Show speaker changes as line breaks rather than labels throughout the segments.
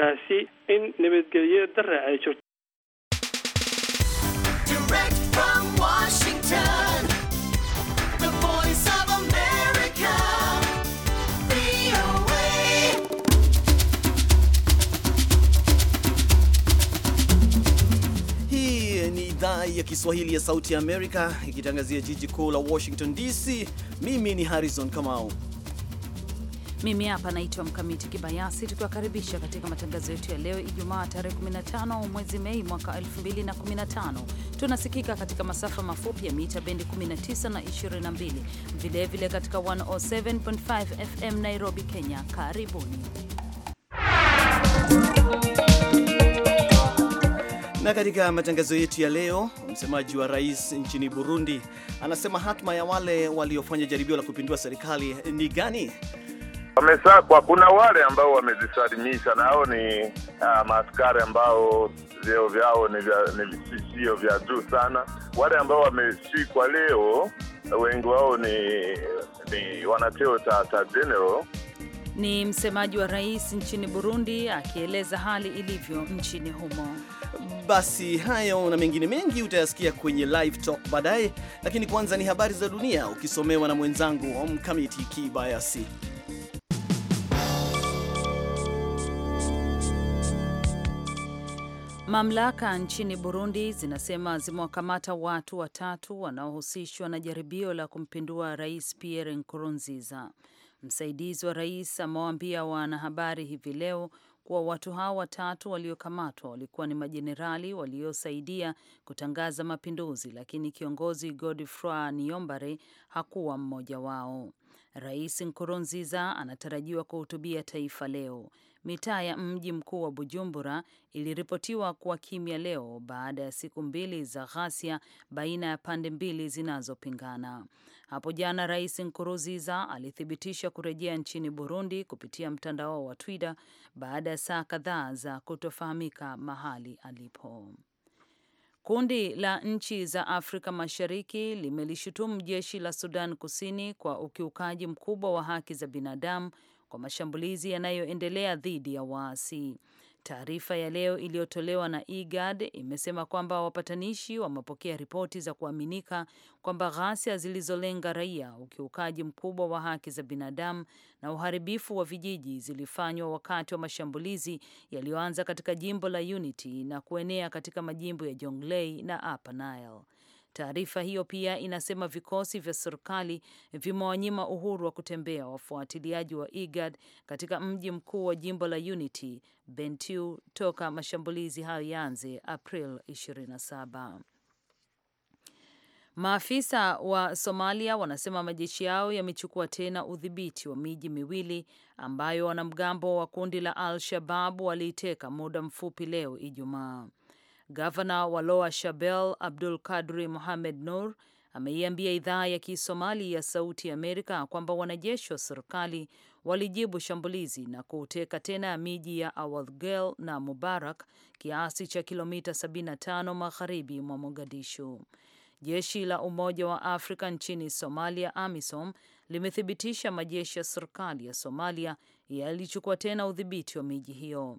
markaasi in nabadgelyo dara ay jirto
ya Kiswahili ya Sauti ya Amerika ikitangazia jiji kuu la Washington DC. Mimi ni Harrison Kamau.
Mimi hapa naitwa Mkamiti Kibayasi, tukiwakaribisha katika matangazo yetu ya leo Ijumaa tarehe 15 mwezi Mei mwaka 2015. Tunasikika katika masafa mafupi ya mita bendi 19 na 22, vilevile katika 107.5 FM Nairobi, Kenya. Karibuni
na katika matangazo yetu ya leo, msemaji wa rais nchini Burundi anasema hatma ya wale waliofanya jaribio
la kupindua serikali ni gani? Wamesakwa. Kuna wale ambao wamezisalimisha, na hao ni uh, maaskari ambao vyeo vyao ni vishishio vya juu sana. Wale ambao wameshikwa leo, wengi wao ni, ni wanacheo cha general.
Ni msemaji wa rais nchini Burundi akieleza hali ilivyo nchini humo.
Basi
hayo na mengine mengi utayasikia kwenye live talk baadaye, lakini kwanza ni habari za dunia ukisomewa na mwenzangu Mkamiti Kibayasi.
Mamlaka nchini Burundi zinasema zimewakamata watu watatu wanaohusishwa na jaribio la kumpindua Rais Pierre Nkurunziza. Msaidizi wa rais amewaambia wanahabari hivi leo kuwa watu hao watatu waliokamatwa walikuwa ni majenerali waliosaidia kutangaza mapinduzi, lakini kiongozi Godfrey Niyombare hakuwa mmoja wao. Rais Nkurunziza anatarajiwa kuhutubia taifa leo. Mitaa ya mji mkuu wa Bujumbura iliripotiwa kuwa kimya leo baada ya siku mbili za ghasia baina ya pande mbili zinazopingana. Hapo jana, Rais Nkurunziza alithibitisha kurejea nchini Burundi kupitia mtandao wa Twitter baada ya saa kadhaa za kutofahamika mahali alipo. Kundi la nchi za Afrika Mashariki limelishutumu jeshi la Sudan Kusini kwa ukiukaji mkubwa wa haki za binadamu kwa mashambulizi yanayoendelea dhidi ya waasi. Taarifa ya leo iliyotolewa na IGAD imesema kwamba wapatanishi wamepokea ripoti za kuaminika kwamba ghasia zilizolenga raia, ukiukaji mkubwa wa haki za binadamu na uharibifu wa vijiji zilifanywa wakati wa mashambulizi yaliyoanza katika jimbo la Unity na kuenea katika majimbo ya Jonglei na Upper Nile. Taarifa hiyo pia inasema vikosi vya serikali vimewanyima uhuru wa kutembea wafuatiliaji wa IGAD katika mji mkuu wa jimbo la Unity, Bentiu, toka mashambulizi hayo yaanze April 27. Maafisa wa Somalia wanasema majeshi yao yamechukua tena udhibiti wa miji miwili ambayo wanamgambo wa kundi la Al Shabab waliiteka muda mfupi leo Ijumaa. Gavana wa Loa shabel Abdul Kadri Mohamed Nur ameiambia idhaa ya Kisomali ya Sauti ya Amerika kwamba wanajeshi wa serikali walijibu shambulizi na kuuteka tena miji ya Awalgel na Mubarak kiasi cha kilomita 75 magharibi mwa Mogadishu. Jeshi la Umoja wa Afrika nchini Somalia, AMISOM, limethibitisha majeshi ya serikali ya Somalia yalichukua tena udhibiti wa miji hiyo.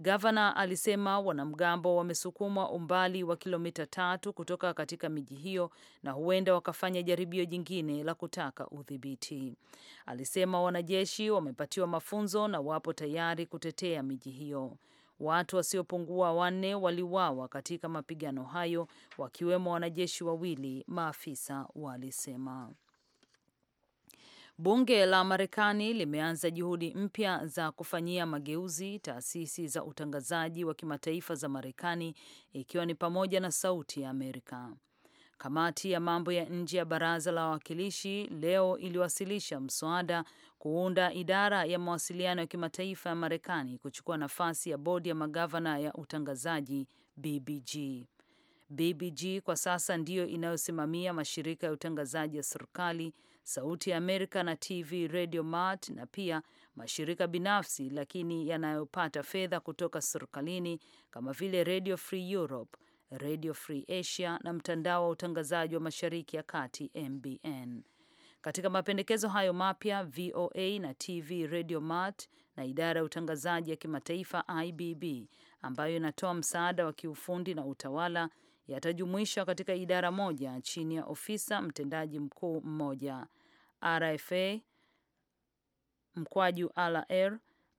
Gavana alisema wanamgambo wamesukumwa umbali wa kilomita tatu kutoka katika miji hiyo na huenda wakafanya jaribio jingine la kutaka udhibiti. Alisema wanajeshi wamepatiwa mafunzo na wapo tayari kutetea miji hiyo. Watu wasiopungua wanne waliuawa katika mapigano hayo, wakiwemo wanajeshi wawili, maafisa walisema. Bunge la Marekani limeanza juhudi mpya za kufanyia mageuzi taasisi za utangazaji wa kimataifa za Marekani, ikiwa ni pamoja na Sauti ya Amerika. Kamati ya mambo ya nje ya Baraza la Wawakilishi leo iliwasilisha mswada kuunda idara ya mawasiliano ya kimataifa ya Marekani kuchukua nafasi ya bodi ya magavana ya utangazaji BBG. BBG kwa sasa ndiyo inayosimamia mashirika ya utangazaji ya serikali Sauti ya Amerika na TV Radio Mart na pia mashirika binafsi lakini yanayopata fedha kutoka serikalini kama vile Radio Free Europe, Radio Free Asia na mtandao wa utangazaji wa Mashariki ya Kati MBN. Katika mapendekezo hayo mapya, VOA na TV Radio Mart na idara ya utangazaji ya kimataifa IBB ambayo inatoa msaada wa kiufundi na utawala yatajumuishwa katika idara moja chini ya ofisa mtendaji mkuu mmoja. RFA mkwaju LR,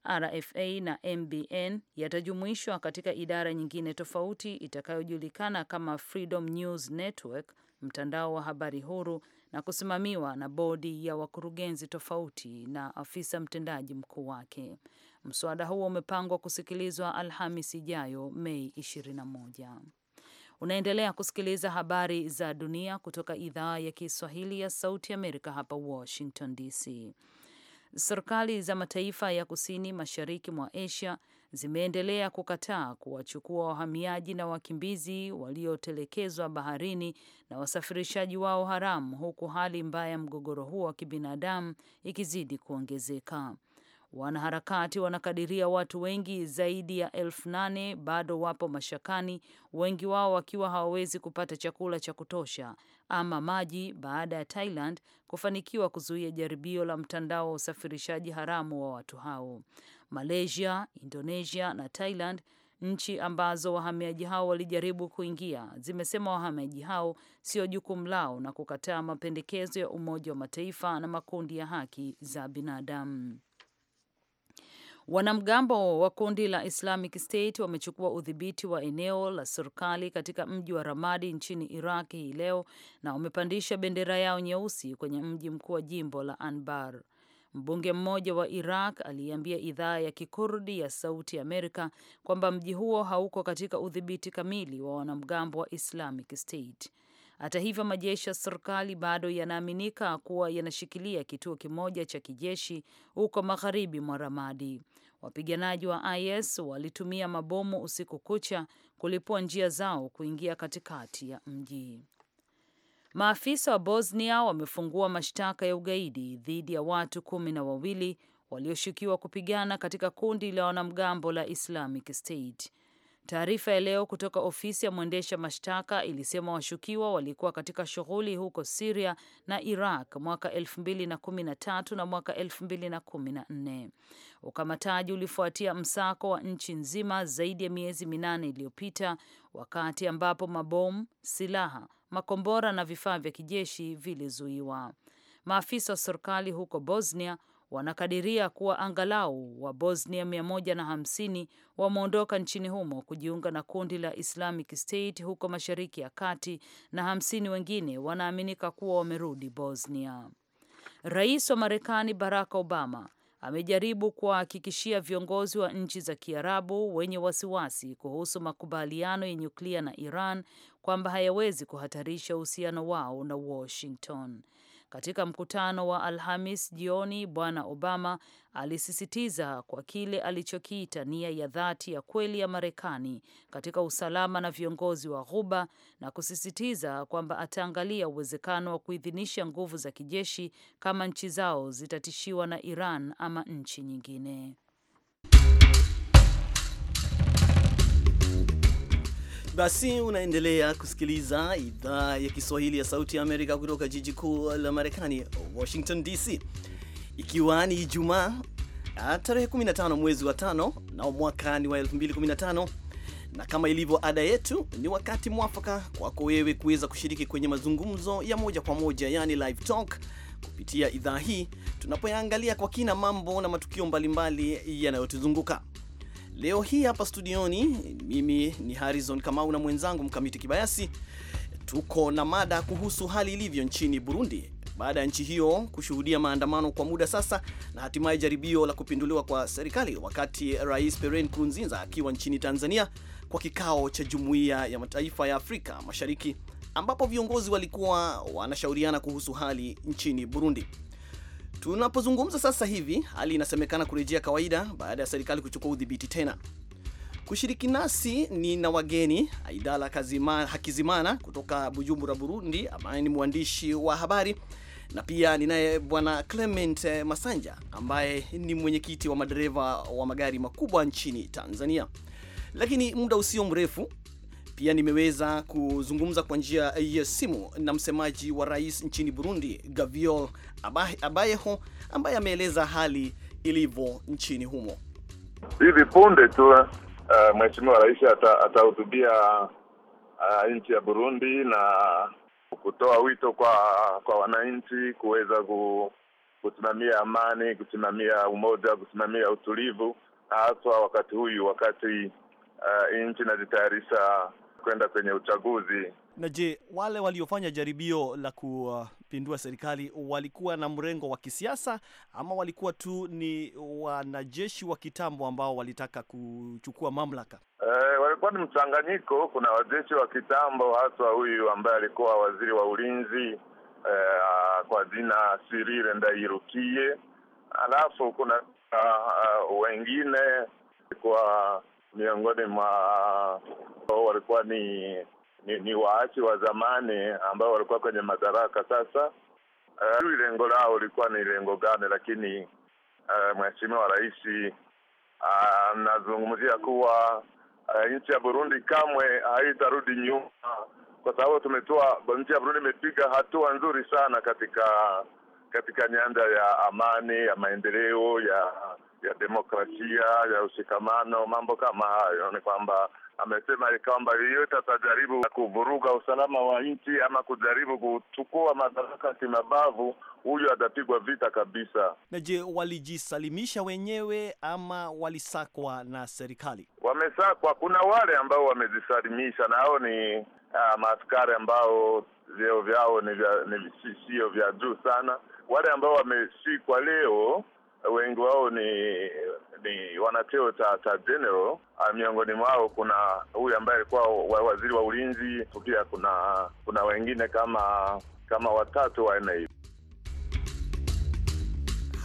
RFA na MBN yatajumuishwa katika idara nyingine tofauti itakayojulikana kama Freedom News Network, mtandao wa habari huru, na kusimamiwa na bodi ya wakurugenzi tofauti na afisa mtendaji mkuu wake. Mswada huo umepangwa kusikilizwa Alhamis ijayo Mei 21. Unaendelea kusikiliza habari za dunia kutoka idhaa ya Kiswahili ya Sauti Amerika hapa Washington DC. Serikali za mataifa ya kusini mashariki mwa Asia zimeendelea kukataa kuwachukua wahamiaji na wakimbizi waliotelekezwa baharini na wasafirishaji wao haramu, huku hali mbaya ya mgogoro huo wa kibinadamu ikizidi kuongezeka. Wanaharakati wanakadiria watu wengi zaidi ya elfu nane bado wapo mashakani, wengi wao wakiwa hawawezi kupata chakula cha kutosha ama maji baada ya Thailand kufanikiwa kuzuia jaribio la mtandao wa usafirishaji haramu wa watu hao. Malaysia, Indonesia na Thailand nchi ambazo wahamiaji hao walijaribu kuingia zimesema wahamiaji hao sio jukumu lao na kukataa mapendekezo ya Umoja wa Mataifa na makundi ya haki za binadamu. Wanamgambo wa kundi la Islamic State wamechukua udhibiti wa eneo la serikali katika mji wa Ramadi nchini Iraq hii leo na wamepandisha bendera yao nyeusi kwenye mji mkuu wa jimbo la Anbar. Mbunge mmoja wa Iraq aliambia idhaa ya Kikurdi ya Sauti Amerika kwamba mji huo hauko katika udhibiti kamili wa wanamgambo wa Islamic State. Hata hivyo, majeshi ya serikali bado yanaaminika kuwa yanashikilia kituo kimoja cha kijeshi huko magharibi mwa Ramadi. Wapiganaji wa IS walitumia mabomu usiku kucha kulipua njia zao kuingia katikati ya mji. Maafisa wa Bosnia wamefungua mashtaka ya ugaidi dhidi ya watu kumi na wawili walioshukiwa kupigana katika kundi la wanamgambo la Islamic State. Taarifa ya leo kutoka ofisi ya mwendesha mashtaka ilisema washukiwa walikuwa katika shughuli huko Siria na Iraq mwaka elfu mbili na kumi na tatu na mwaka 2014. na kumi na nne. Ukamataji ulifuatia msako wa nchi nzima zaidi ya miezi minane iliyopita, wakati ambapo mabomu, silaha, makombora na vifaa vya kijeshi vilizuiwa. Maafisa wa serikali huko Bosnia wanakadiria kuwa angalau wa Bosnia 150 wameondoka nchini humo kujiunga na kundi la Islamic State huko Mashariki ya Kati na 50 wengine wanaaminika kuwa wamerudi Bosnia. Rais wa Marekani Barack Obama amejaribu kuwahakikishia viongozi wa nchi za Kiarabu wenye wasiwasi kuhusu makubaliano ya nyuklia na Iran kwamba hayawezi kuhatarisha uhusiano wao na Washington. Katika mkutano wa Alhamis jioni, Bwana Obama alisisitiza kwa kile alichokiita nia ya dhati ya kweli ya Marekani katika usalama na viongozi wa Ghuba na kusisitiza kwamba ataangalia uwezekano wa kuidhinisha nguvu za kijeshi kama nchi zao zitatishiwa na Iran ama nchi nyingine.
Basi unaendelea kusikiliza idhaa ya Kiswahili ya Sauti ya Amerika kutoka jiji kuu la Marekani, Washington DC, ikiwa ni Ijumaa ah, tarehe 15 mwezi wa tano nao mwaka ni wa 2015 na kama ilivyo ada yetu, ni wakati mwafaka kwako wewe kuweza kushiriki kwenye mazungumzo ya moja kwa moja, yani live talk kupitia idhaa hii, tunapoyaangalia kwa kina mambo na matukio mbalimbali yanayotuzunguka. Leo hii hapa studioni, mimi ni Harrison Kamau na mwenzangu Mkamiti Kibayasi. Tuko na mada kuhusu hali ilivyo nchini Burundi baada ya nchi hiyo kushuhudia maandamano kwa muda sasa na hatimaye jaribio la kupinduliwa kwa serikali, wakati Rais Pierre Nkurunziza akiwa nchini Tanzania kwa kikao cha Jumuiya ya Mataifa ya Afrika Mashariki ambapo viongozi walikuwa wanashauriana kuhusu hali nchini Burundi. Tunapozungumza sasa hivi, hali inasemekana kurejea kawaida baada ya serikali kuchukua udhibiti tena. Kushiriki nasi ni na wageni Aidala Kazima, Hakizimana kutoka Bujumbura, Burundi, ambaye ni mwandishi wa habari na pia ninaye bwana Clement eh, Masanja ambaye ni mwenyekiti wa madereva wa magari makubwa nchini Tanzania. Lakini muda usio mrefu pia nimeweza kuzungumza kwa njia ya simu na msemaji wa rais nchini Burundi, Gavio ho ambaye ameeleza hali ilivyo nchini humo.
Hivi punde tu uh, Mheshimiwa Rais atahutubia uh, nchi ya Burundi na kutoa wito kwa kwa wananchi kuweza kusimamia amani, kusimamia umoja, kusimamia utulivu, haswa wakati huyu wakati uh, nchi inajitayarisha kwenda kwenye uchaguzi.
Na je, wale waliofanya jaribio la kupindua serikali walikuwa na mrengo wa kisiasa ama walikuwa tu ni wanajeshi wa kitambo ambao walitaka kuchukua mamlaka?
E, walikuwa ni mchanganyiko. Kuna wajeshi wa kitambo haswa huyu ambaye alikuwa waziri wa ulinzi e, kwa jina Cyril Ndairukiye, alafu kuna uh, uh, wengine kwa miongoni mwa walikuwa ni ni, ni waasi wa zamani ambao walikuwa kwenye madaraka sasa. Uh, lengo lao lilikuwa ni lengo gani? Lakini uh, mheshimiwa rais anazungumzia ah, uh, kuwa uh, nchi ya Burundi kamwe haitarudi nyuma, kwa sababu tumetoa, nchi ya Burundi imepiga hatua nzuri sana katika katika nyanja ya amani ya maendeleo ya ya demokrasia ya ushikamano, mambo kama hayo. Ni kwamba amesema kwamba yeyote atajaribu kuvuruga usalama wa nchi ama kujaribu kuchukua madaraka kimabavu, huyo atapigwa vita kabisa.
Na je, walijisalimisha wenyewe ama walisakwa na serikali?
Wamesakwa. Kuna wale ambao wamejisalimisha, na hao ni uh, maaskari ambao vyeo vyao ni sio vya juu sana. Wale ambao wameshikwa leo wengi wao ni ni wanacheo cha cha general. Ah, miongoni mwao kuna huyu ambaye alikuwa wa waziri wa ulinzi, pia kuna kuna wengine kama kama watatu wanne hivi.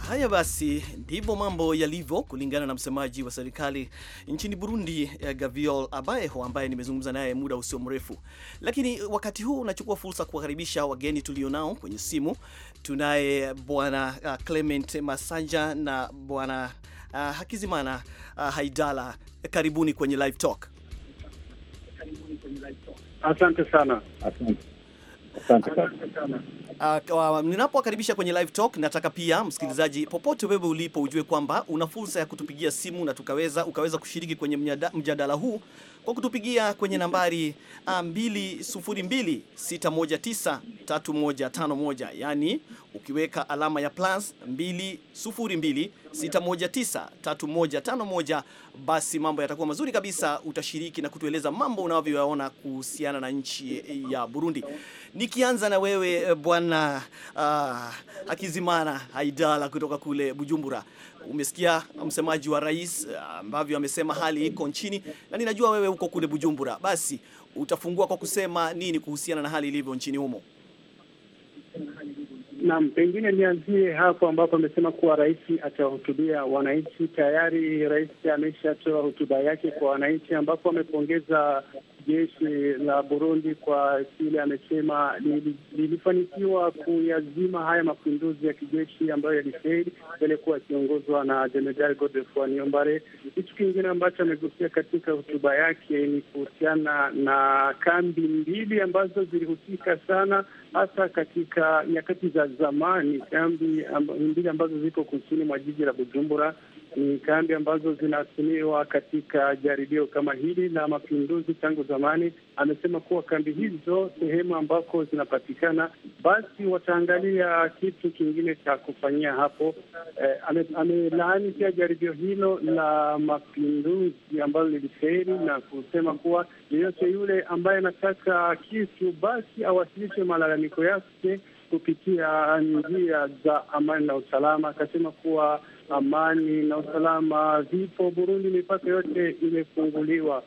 Haya basi, ndivyo mambo yalivyo kulingana na msemaji wa serikali nchini Burundi, eh, Gaviol Abayeho, ambaye nimezungumza naye muda usio mrefu. Lakini wakati huu unachukua fursa kuwakaribisha wageni tulionao kwenye simu. Tunaye bwana eh, Clement Masanja na bwana eh, Hakizimana Haidala. Karibuni kwenye live talk. Asante sana, asante. Asante sana. Uh, ninapowakaribisha kwenye live talk, nataka pia msikilizaji popote wewe ulipo ujue kwamba una fursa ya kutupigia simu na tukaweza ukaweza kushiriki kwenye mjadala huu kwa kutupigia kwenye nambari 2026193151, ah, yani ukiweka alama ya plus 2026193151, basi mambo yatakuwa mazuri kabisa. Utashiriki na kutueleza mambo unavyoyaona kuhusiana na nchi ya Burundi. Nikianza na wewe eh, bwana uh, ah, Akizimana Haidala kutoka kule Bujumbura. Umesikia msemaji wa rais eh, ambavyo amesema hali iko nchini, na ninajua wewe uko kule Bujumbura, basi utafungua kwa kusema nini kuhusiana na hali ilivyo nchini humo?
Naam, pengine nianzie hapo ambapo amesema kuwa rais atahutubia wananchi. Tayari rais ameshatoa hotuba yake kwa wananchi, ambapo amepongeza jeshi la Burundi kwa kile amesema lilifanikiwa kuyazima haya mapinduzi ya kijeshi ambayo yalifeli yalikuwa yakiongozwa na Jenerali Godefroid Niyombare. Kitu kingine ambacho amegusia katika hotuba yake ni kuhusiana na kambi mbili ambazo zilihusika sana hasa katika nyakati za zamani, kambi mbili ambazo ziko kusini mwa jiji la Bujumbura ni kambi ambazo zinatumiwa katika jaribio kama hili la mapinduzi tangu zamani. Amesema kuwa kambi hizo sehemu ambako zinapatikana, basi wataangalia kitu kingine cha kufanyia hapo. Eh, amelaani pia jaribio hilo la mapinduzi ambalo liliferi na kusema kuwa yeyote yule ambaye anataka kitu basi awasilishe malalamiko yake kupitia njia za amani na usalama. Akasema kuwa amani na usalama vipo Burundi, mipaka yote imefunguliwa.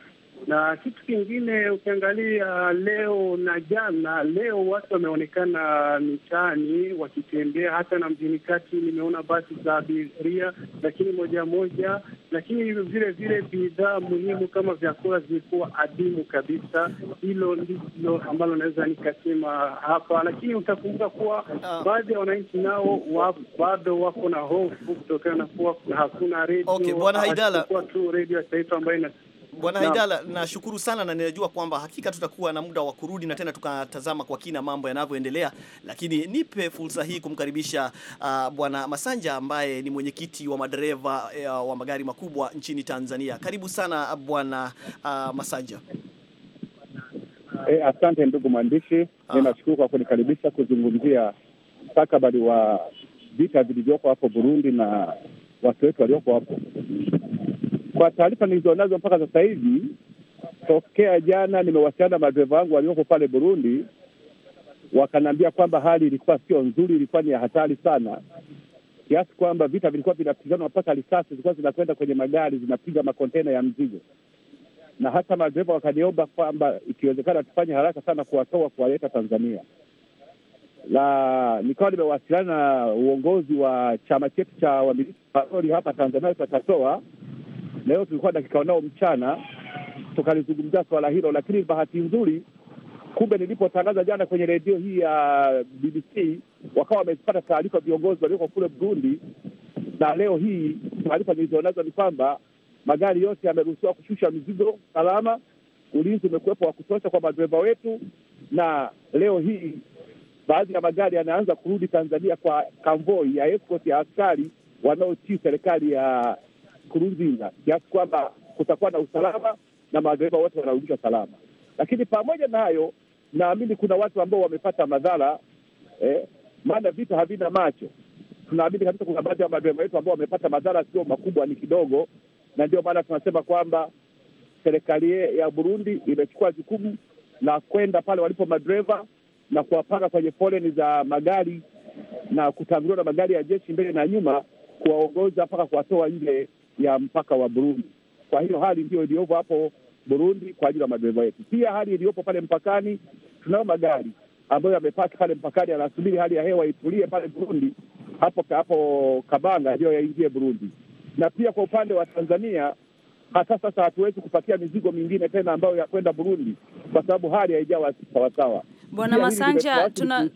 Na kitu kingine ukiangalia leo na jana, leo watu wameonekana mitaani wakitembea, hata na mjini kati nimeona basi za abiria, lakini moja moja, lakini vile vile bidhaa muhimu kama vyakula zimekuwa adimu kabisa. Hilo ndilo ambalo naweza nikasema hapa, lakini utakumbuka kuwa ah. baadhi ya wananchi nao wa, bado wako na hofu kutokana na kuwa hakuna redio, okay, bwana Haidala, tu redio ya taifa ambayo ina Bwana Haidala,
nashukuru sana na ninajua kwamba hakika tutakuwa na muda wa kurudi na tena tukatazama kwa kina mambo yanavyoendelea, lakini nipe fursa hii kumkaribisha uh, Bwana Masanja ambaye ni mwenyekiti wa madereva uh, wa magari makubwa nchini Tanzania. Karibu sana Bwana uh, Masanja.
Eh, asante ndugu mwandishi, ah. ninashukuru kwa kunikaribisha kuzungumzia mstakabali wa vita vilivyoko hapo Burundi na watu wetu walioko hapo kwa taarifa nilizonazo mpaka sasa hivi, tokea jana nimewasiliana na madereva wangu walioko pale Burundi, wakaniambia kwamba hali ilikuwa sio nzuri, ilikuwa ni ya hatari sana, kiasi kwamba vita vilikuwa vinapigana mpaka risasi zilikuwa zinakwenda kwenye magari zinapiga makontena ya mzigo, na hata madereva wakaniomba kwamba ikiwezekana tufanye haraka sana kuwatoa kuwaleta Tanzania la nikawa nimewasiliana na uongozi wa chama chetu cha wamiliki malori hapa Tanzania, tutatoa Leo tulikuwa dakika nao mchana, tukalizungumzia swala hilo, lakini bahati nzuri kumbe nilipotangaza jana kwenye redio hii ya BBC wakawa wamezipata taarifa viongozi walioko kule Burundi, na leo hii taarifa nilizonazo ni kwamba magari yote yameruhusiwa kushusha mizigo salama, ulinzi umekuwepo wa kutosha kwa madereva wetu, na leo hii baadhi ya magari yanaanza kurudi Tanzania kwa kamvoi ya escort ya askari wanaotii serikali ya Nkurunziza kiasi kwamba kutakuwa na usalama na madereva wote wanarudishwa salama. Lakini pamoja na hayo, naamini kuna watu ambao wamepata madhara eh, maana vita havina macho. Tunaamini kabisa kuna baadhi ya madereva wetu ambao wamepata madhara, sio makubwa, ni kidogo, na ndio maana tunasema kwamba serikali ya Burundi imechukua jukumu la kwenda pale walipo madereva na kuwapanga kwenye foleni za magari na kutanguliwa na magari ya jeshi mbele na nyuma, kuwaongoza mpaka kuwatoa nje ya mpaka wa Burundi. Kwa hiyo hali ndiyo iliyopo hapo Burundi kwa ajili ya madereva yetu. Pia hali iliyopo pale mpakani, tunayo magari ambayo yamepaki pale mpakani, yanasubiri hali ya hewa itulie pale Burundi, hapo hapo Kabanga ndio yaingie Burundi. Na pia kwa upande wa Tanzania, hata sasa hatuwezi kupakia mizigo mingine tena ambayo ya kwenda Burundi kwa sababu hali haijawa sawasawa.
Bwana Masanja, tuna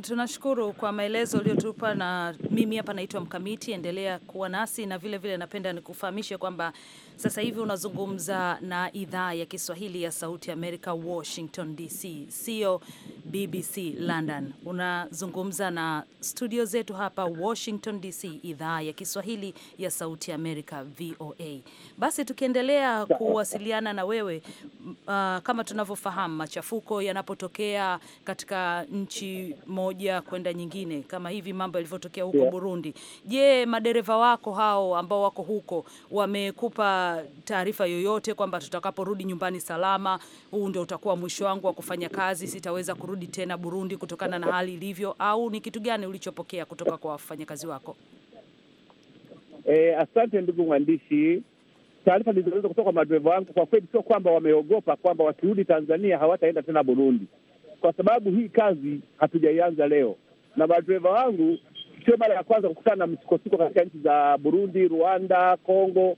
Tunashukuru kwa maelezo uliotupa, na mimi hapa naitwa Mkamiti. Endelea kuwa nasi na vile vile, napenda nikufahamishe kwamba sasa hivi unazungumza na idhaa ya Kiswahili ya Sauti ya Amerika, Washington DC, sio BBC London. Unazungumza na studio zetu hapa Washington DC, idhaa ya Kiswahili ya Sauti ya Amerika, VOA. Basi tukiendelea kuwasiliana na wewe uh, kama tunavyofahamu machafuko yanapotokea katika nchi moja kwenda nyingine, kama hivi mambo yalivyotokea huko yeah, Burundi. Je, madereva wako hao ambao wako huko wamekupa taarifa yoyote kwamba tutakaporudi nyumbani salama, huu ndio utakuwa mwisho wangu wa kufanya kazi, sitaweza kurudi tena Burundi kutokana na hali ilivyo, au ni kitu gani ulichopokea kutoka kwa wafanyakazi wako?
Eh, asante ndugu mwandishi. Taarifa nilizoweza kutoka kwa madereva wangu kwa kweli sio kwamba wameogopa kwamba wakirudi Tanzania hawataenda tena Burundi, kwa sababu hii kazi hatujaianza leo, na madereva wangu sio mara ya kwanza kukutana na msukosuko katika nchi za Burundi, Rwanda, Kongo.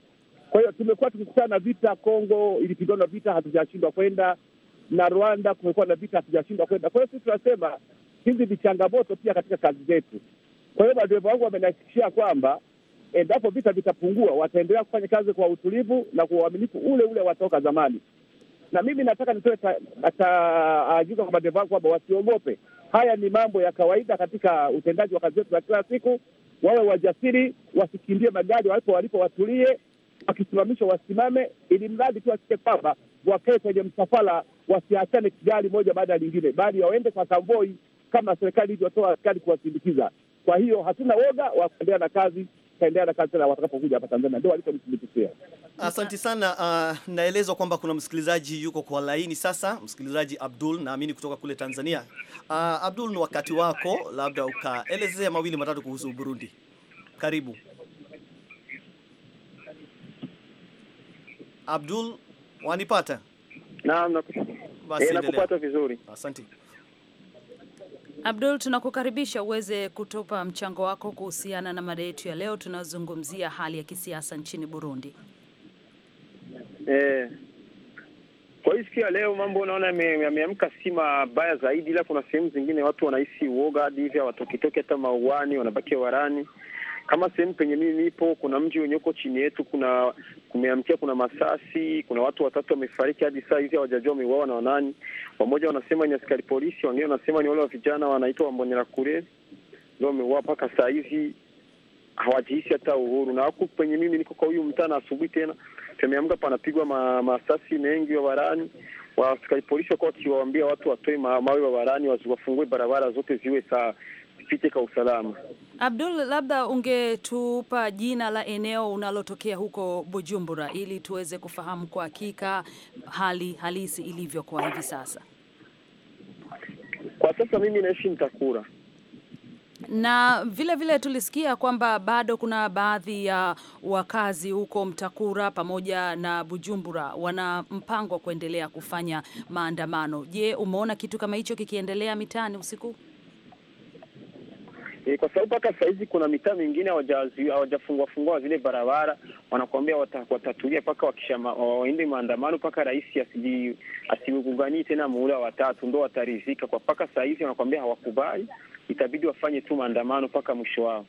Kwa hiyo tumekuwa tukikutana na vita. Kongo ilipigana na vita, hatujashindwa kwenda na Rwanda kumekuwa na vita, hatujashindwa kwenda. Kwa hiyo sisi tunasema hizi ni changamoto pia katika kazi zetu. Kwa hiyo madereva wangu wamenihakikishia kwamba endapo vita vitapungua, wataendelea kufanya kazi kwa utulivu na kwa uaminifu ule ule watoka zamani na mimi nataka nitoe taagizo kwa madereva wangu kwamba wasiogope. Haya ni mambo ya kawaida katika utendaji wa kazi zetu za kila siku. Wawe wajasiri, wasikimbie magari, walipo walipo watulie, wakisimamishwa wasimame, ili mradi tu wasikie kwamba wakae kwenye msafara, wasiachane gari moja baada ya lingine, bali waende kwa kamvoi kama serikali ilivyotoa askari kuwasindikiza. Kwa hiyo hatuna woga wa kuendelea na kazi tutaendelea na kazi na watakapokuja hapa Tanzania, ndio walichonithibitishia.
Asante sana. Uh, naelezwa kwamba kuna msikilizaji yuko kwa laini sasa, msikilizaji Abdul, naamini kutoka kule Tanzania. Uh, Abdul, ni wakati wako, labda ukaelezea mawili matatu kuhusu Burundi. Karibu Abdul, wanipata? Naam, eh, nakupata vizuri. Asante.
Abdul, tunakukaribisha uweze kutupa mchango wako kuhusiana na mada yetu ya leo. Tunazungumzia hali ya kisiasa nchini Burundi.
Eh, kwa hii siku ya leo mambo naona yameamka si mabaya zaidi, ila kuna sehemu zingine watu wanahisi uoga hadi hivi hawatokitoki hata mauani, wanabakia warani kama sehemu penye mimi nipo, kuna mji wenye uko chini yetu, kuna kumeamkia, kuna masasi, kuna watu watatu wamefariki, hadi saa hizi hawajajua wameuawa na wanani. Wamoja wanasema ni askari polisi, wengine wanasema ni wale wa vijana wanaitwa wambonera kure, ndio wameuawa. Mpaka saa hizi hawajihisi hata uhuru, na huku penye mimi niko kwa huyu mtaa, na asubuhi tena tumeamka, panapigwa ma, masasi mengi wa barabarani waskari polisi wakuwa wakiwaambia watu watoe mawe wa barabarani, wafungue barabara zote ziwe saa zipite kwa usalama.
Abdul, labda ungetupa jina la eneo unalotokea huko Bujumbura, ili tuweze kufahamu kwa hakika hali halisi kwa hivi sasa.
Kwa sasa mimi naishi Mtakura,
na vile vile tulisikia kwamba bado kuna baadhi ya wakazi huko Mtakura pamoja na Bujumbura wana mpango wa kuendelea kufanya maandamano. Je, umeona kitu kama hicho kikiendelea mitaani usiku?
e, kwa sababu mpaka sahizi hizi kuna mitaa mingine hawajafungua fungua zile barabara, wanakuambia watatulia mpaka waende maandamano mpaka rais asiuguganie tena muhula watatu ndo watarizika. Kwa mpaka sahizi hizi wanakuambia hawakubali, itabidi wafanye tu maandamano mpaka mwisho wao.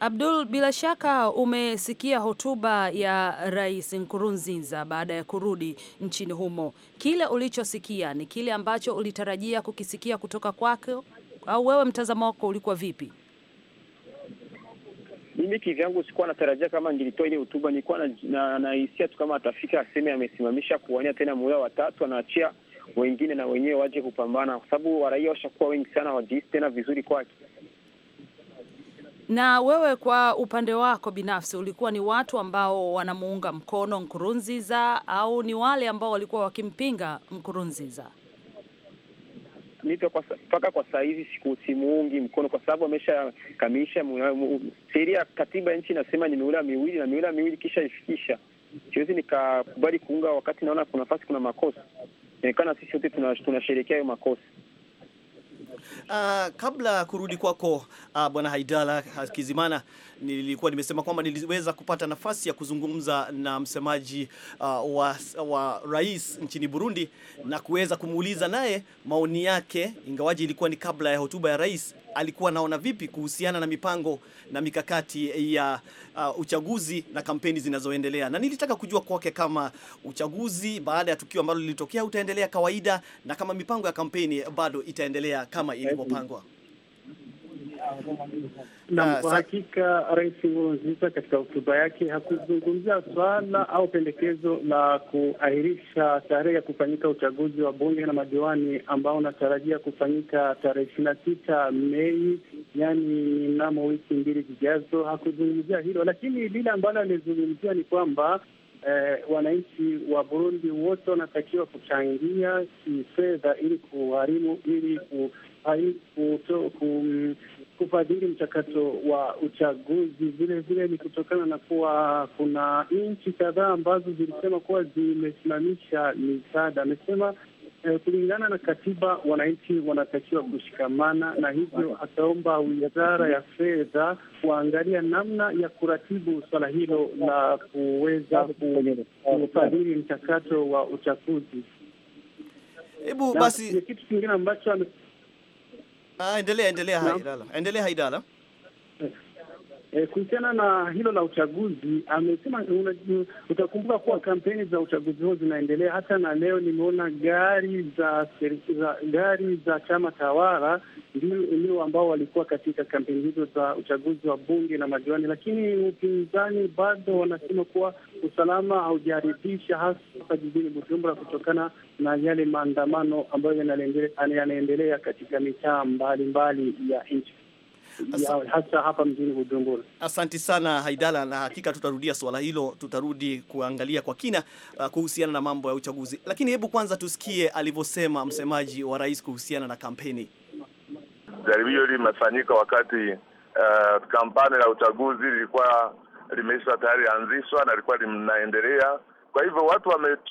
Abdul, bila shaka umesikia hotuba ya Rais Nkurunziza baada ya kurudi nchini humo. Kile ulichosikia ni kile ambacho ulitarajia kukisikia kutoka kwake, au wewe mtazamo wako ulikuwa vipi?
Mimi kivyangu sikuwa natarajia kama nilitoa ile hotuba, nilikuwa na, na, na tu kama atafika aseme amesimamisha kuwania tena muhula watatu, anaachia wengine na wenyewe waje kupambana, kwa sababu waraia washakuwa wengi sana, wajihisi tena vizuri kwake.
Na wewe kwa upande wako binafsi ulikuwa ni watu ambao wanamuunga mkono Nkurunziza au ni wale ambao walikuwa wakimpinga Nkurunziza?
kwa mpaka kwa saa hizi simuungi mkono kwa sababu amesha sheria ya katiba ya nchi inasema ni miula miwili na miula miwili kisha ifikisha. Siwezi nikakubali kuunga wakati naona kuna nafasi, kuna makosa inaonekana, sisi wote tunasherekea hayo makosa.
Uh, kabla ya kurudi kwako uh, bwana Haidala Hakizimana, ah, nilikuwa nimesema kwamba niliweza kupata nafasi ya kuzungumza na msemaji uh, wa, wa rais nchini Burundi na kuweza kumuuliza naye maoni yake, ingawaji ilikuwa ni kabla ya hotuba ya rais. Alikuwa anaona vipi kuhusiana na mipango na mikakati ya uh, uchaguzi na kampeni zinazoendelea, na nilitaka kujua kwake kama uchaguzi baada ya tukio ambalo lilitokea utaendelea kawaida na kama mipango ya kampeni bado itaendelea kama kama ilivyopangwa? Na kwa ah, hakika
Rais Nkurunziza katika hotuba yake hakuzungumzia swala au pendekezo la kuahirisha tarehe ya kufanyika uchaguzi wa bunge na madiwani ambao unatarajia kufanyika tarehe ishirini na sita Mei, yani mnamo wiki mbili zijazo. Hakuzungumzia hilo, lakini lile ambalo alizungumzia ni kwamba Eh, wananchi wa Burundi wote wanatakiwa kuchangia kifedha ili kuharimu ili kufadhili mchakato wa uchaguzi. Vile vile ni kutokana na kuwa kuna nchi kadhaa ambazo zilisema kuwa zimesimamisha misaada. Amesema eh, kulingana na katiba wananchi wanatakiwa kushikamana, na hivyo akaomba wizara ya fedha kuangalia namna ya kuratibu swala hilo la kuweza kufadhili mchakato wa uchaguzi. Hebu basi kitu kingine ambacho
Ah, endelea endelea, Haidala, endelea Haidala.
E, kuhusiana na hilo la uchaguzi amesema, utakumbuka kuwa kampeni za uchaguzi huo zinaendelea hata na leo. Nimeona gari za, za gari za chama tawala ndio ambao walikuwa katika kampeni hizo za uchaguzi wa bunge na madiwani, lakini upinzani bado wanasema kuwa usalama haujaribisha hasa jijini Bujumbura kutokana na yale maandamano ambayo yanaendelea katika mitaa mbalimbali ya nchi ya hasa hapa mjini Bujumbura.
Asanti sana Haidala, na hakika tutarudia swala hilo, tutarudi kuangalia kwa kina uh, kuhusiana na mambo ya uchaguzi, lakini hebu kwanza tusikie alivyosema msemaji wa rais kuhusiana na
kampeni. Jaribio hili limefanyika wakati uh, kampani la uchaguzi lilikuwa limeisha tayari anzishwa na lilikuwa linaendelea. Kwa hivyo watu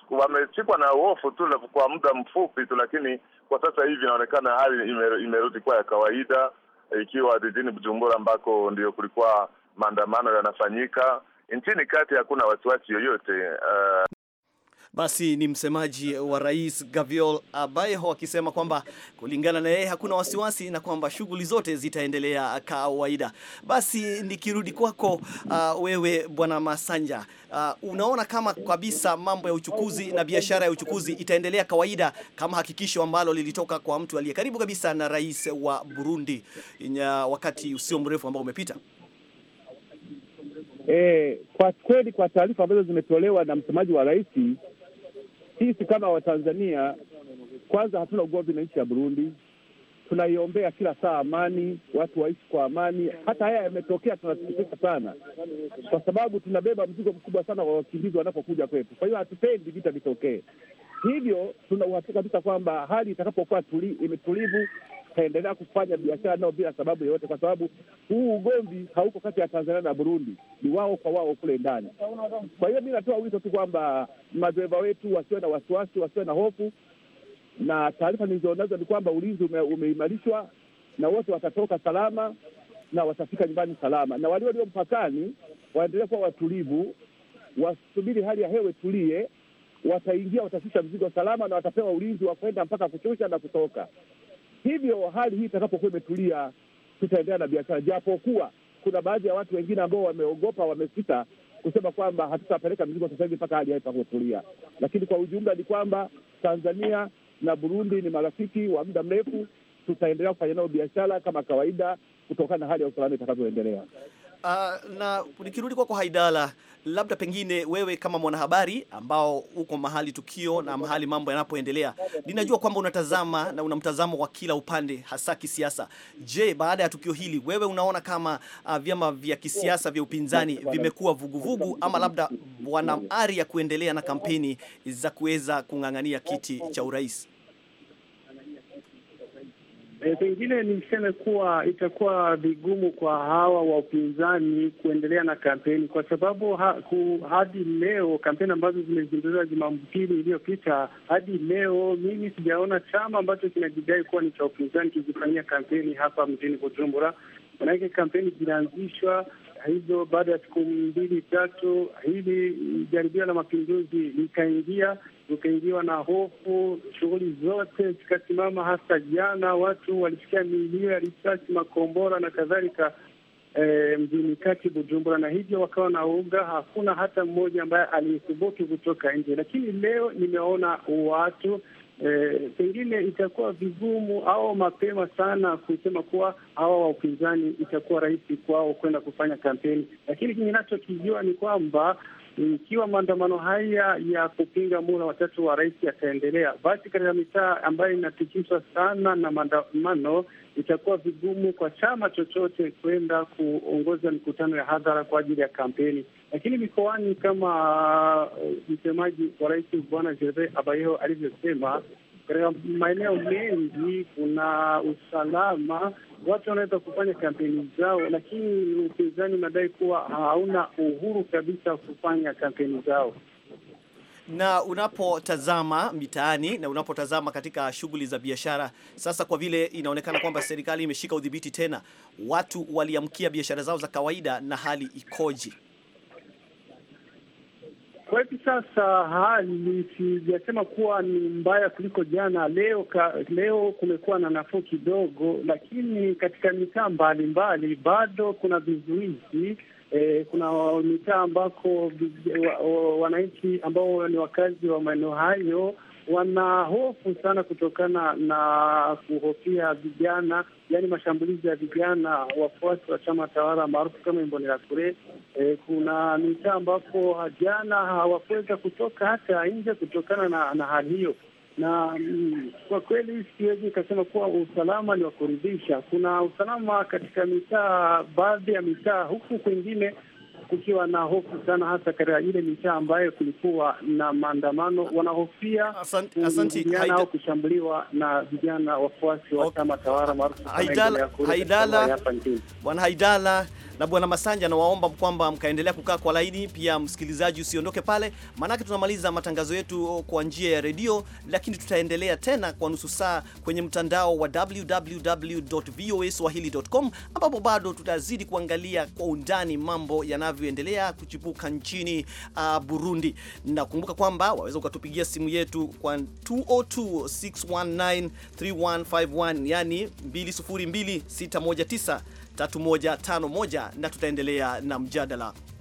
wameshikwa na hofu tu kwa muda mfupi tu, lakini kwa sasa hivi inaonekana hali imerudi kuwa ya kawaida ikiwa jijini Bujumbura ambako ndio kulikuwa maandamano yanafanyika. Nchini kati hakuna wasiwasi yoyote uh...
Basi ni msemaji wa rais Gaviol Abayeho akisema kwamba kulingana na yeye hakuna wasiwasi na kwamba shughuli zote zitaendelea kawaida. Basi nikirudi kwako, uh, wewe bwana Masanja, uh, unaona kama kabisa mambo ya uchukuzi na biashara ya uchukuzi itaendelea kawaida kama hakikisho ambalo lilitoka kwa mtu aliye karibu kabisa na rais wa Burundi inya wakati usio mrefu ambao umepita?
E, kwa kweli kwa taarifa ambazo zimetolewa na msemaji wa rais sisi kama Watanzania kwanza hatuna ugomvi na nchi ya Burundi, tunaiombea kila saa amani, watu waishi kwa amani. Hata haya yametokea, tunasikitika sana, kwa sababu tunabeba mzigo mkubwa sana wa wakimbizi wanapokuja kwetu. Kwa hiyo hatupendi vita vitokee hivyo. Tuna uhakika kabisa kwamba hali itakapokuwa imetulivu, wataendelea kufanya biashara nao bila sababu yoyote, kwa sababu huu ugomvi hauko kati ya Tanzania na Burundi, ni wao kwa wao kule ndani. Kwa hiyo mi natoa wito tu kwamba madereva wetu wasiwe na wasiwasi, wasiwe na hofu, na taarifa nilizonazo ni kwamba ulinzi ume, umeimarishwa na wote watatoka salama na watafika nyumbani salama, na walio walio mpakani waendelee kuwa watulivu, wasubiri hali ya hewa tulie, wataingia watashusha mzigo salama na watapewa ulinzi wa kwenda mpaka kushusha na kutoka. Hivyo hali hii itakapokuwa imetulia, tutaendelea na biashara, japokuwa kuna baadhi ya watu wengine ambao wameogopa, wamesita kusema kwamba hatutapeleka mizigo sasa hivi mpaka hali hai pakutulia. Lakini kwa ujumla ni kwamba Tanzania na Burundi ni marafiki wa muda mrefu, tutaendelea kufanya nao biashara kama kawaida, kutokana na hali ya usalama itakavyoendelea.
Uh, na nikirudi kwako Haidala, labda pengine wewe kama mwanahabari ambao uko mahali tukio na mahali mambo yanapoendelea, ninajua kwamba unatazama na una mtazamo wa kila upande, hasa kisiasa. Je, baada ya tukio hili wewe unaona kama uh, vyama vya kisiasa vya upinzani vimekuwa vuguvugu ama labda wana ari ya kuendelea na kampeni za kuweza kung'ang'ania kiti cha urais?
E, pengine niseme kuwa itakuwa vigumu kwa hawa wa upinzani kuendelea na kampeni kwa sababu ha, ku, hadi leo kampeni ambazo zimezinduliwa Jumapili iliyopita hadi leo mimi sijaona chama ambacho kinajidai kuwa ni cha upinzani kizifanyia kampeni hapa mjini Bujumbura. Manake kampeni zinaanzishwa hizo. Baada ya siku mbili tatu, hili jaribio la mapinduzi likaingia, ukaingiwa na hofu, shughuli zote zikasimama. Hasa jana watu walisikia milio ya risasi, makombora na kadhalika E, mjini kati Bujumbura, na hivyo wakawa na uga, hakuna hata mmoja ambaye alithubutu kutoka nje. Lakini leo nimeona watu E, pengine itakuwa vigumu au mapema sana kusema kuwa hawa wa upinzani itakuwa rahisi kwao kwenda kufanya kampeni, lakini kinachokijua ni kwamba ikiwa maandamano haya ya kupinga muhula watatu wa rais yataendelea, basi katika mitaa ambayo inatikiswa sana na maandamano, itakuwa vigumu kwa chama chochote kwenda kuongoza mikutano ya hadhara kwa ajili ya kampeni. Lakini mikoani, kama uh, msemaji wa rais Bwana Gervais Abayeho alivyosema katika maeneo mengi kuna usalama, watu wanaweza kufanya kampeni zao, lakini upinzani unadai kuwa hauna uhuru kabisa kufanya kampeni zao
na unapotazama mitaani na unapotazama katika shughuli za biashara sasa, kwa vile inaonekana kwamba serikali imeshika udhibiti tena, watu waliamkia biashara zao za kawaida, na hali ikoje?
Kwa hivi sasa hali sijasema kuwa ni mbaya kuliko jana. Leo ka, leo kumekuwa na nafuu kidogo, lakini katika mitaa mbalimbali bado kuna vizuizi eh, kuna mitaa ambako wananchi ambao ni wakazi wa maeneo hayo wanahofu sana kutokana na kuhofia vijana, yani mashambulizi ya vijana wafuasi wa chama tawala maarufu kama Imbonerakure. E, kuna mitaa ambapo jana hawakuweza kutoka hata nje kutokana na, na hali hiyo na mm, kwa kweli siwezi nikasema kuwa usalama ni wa kuridhisha. Kuna usalama katika mitaa, baadhi ya mitaa, huku kwengine kukiwa na hofu sana, hasa katika ile mitaa ambayo kulikuwa na maandamano. Wanahofia kuingiliana au kushambuliwa na vijana wafuasi wa
chama tawala maarufu hapa nchini. Bwana Haidala na Bwana Masanja, nawaomba kwamba mkaendelea kukaa kwa laini. Pia msikilizaji, usiondoke pale, maanake tunamaliza matangazo yetu kwa njia ya redio, lakini tutaendelea tena kwa nusu saa kwenye mtandao wa www.voaswahili.com ambapo bado tutazidi kuangalia kwa undani mambo yanavyo vinavyoendelea kuchipuka nchini uh, Burundi. Nakumbuka kwamba waweza ukatupigia simu yetu kwa 2026193151 yani 2026193151 na tutaendelea na mjadala.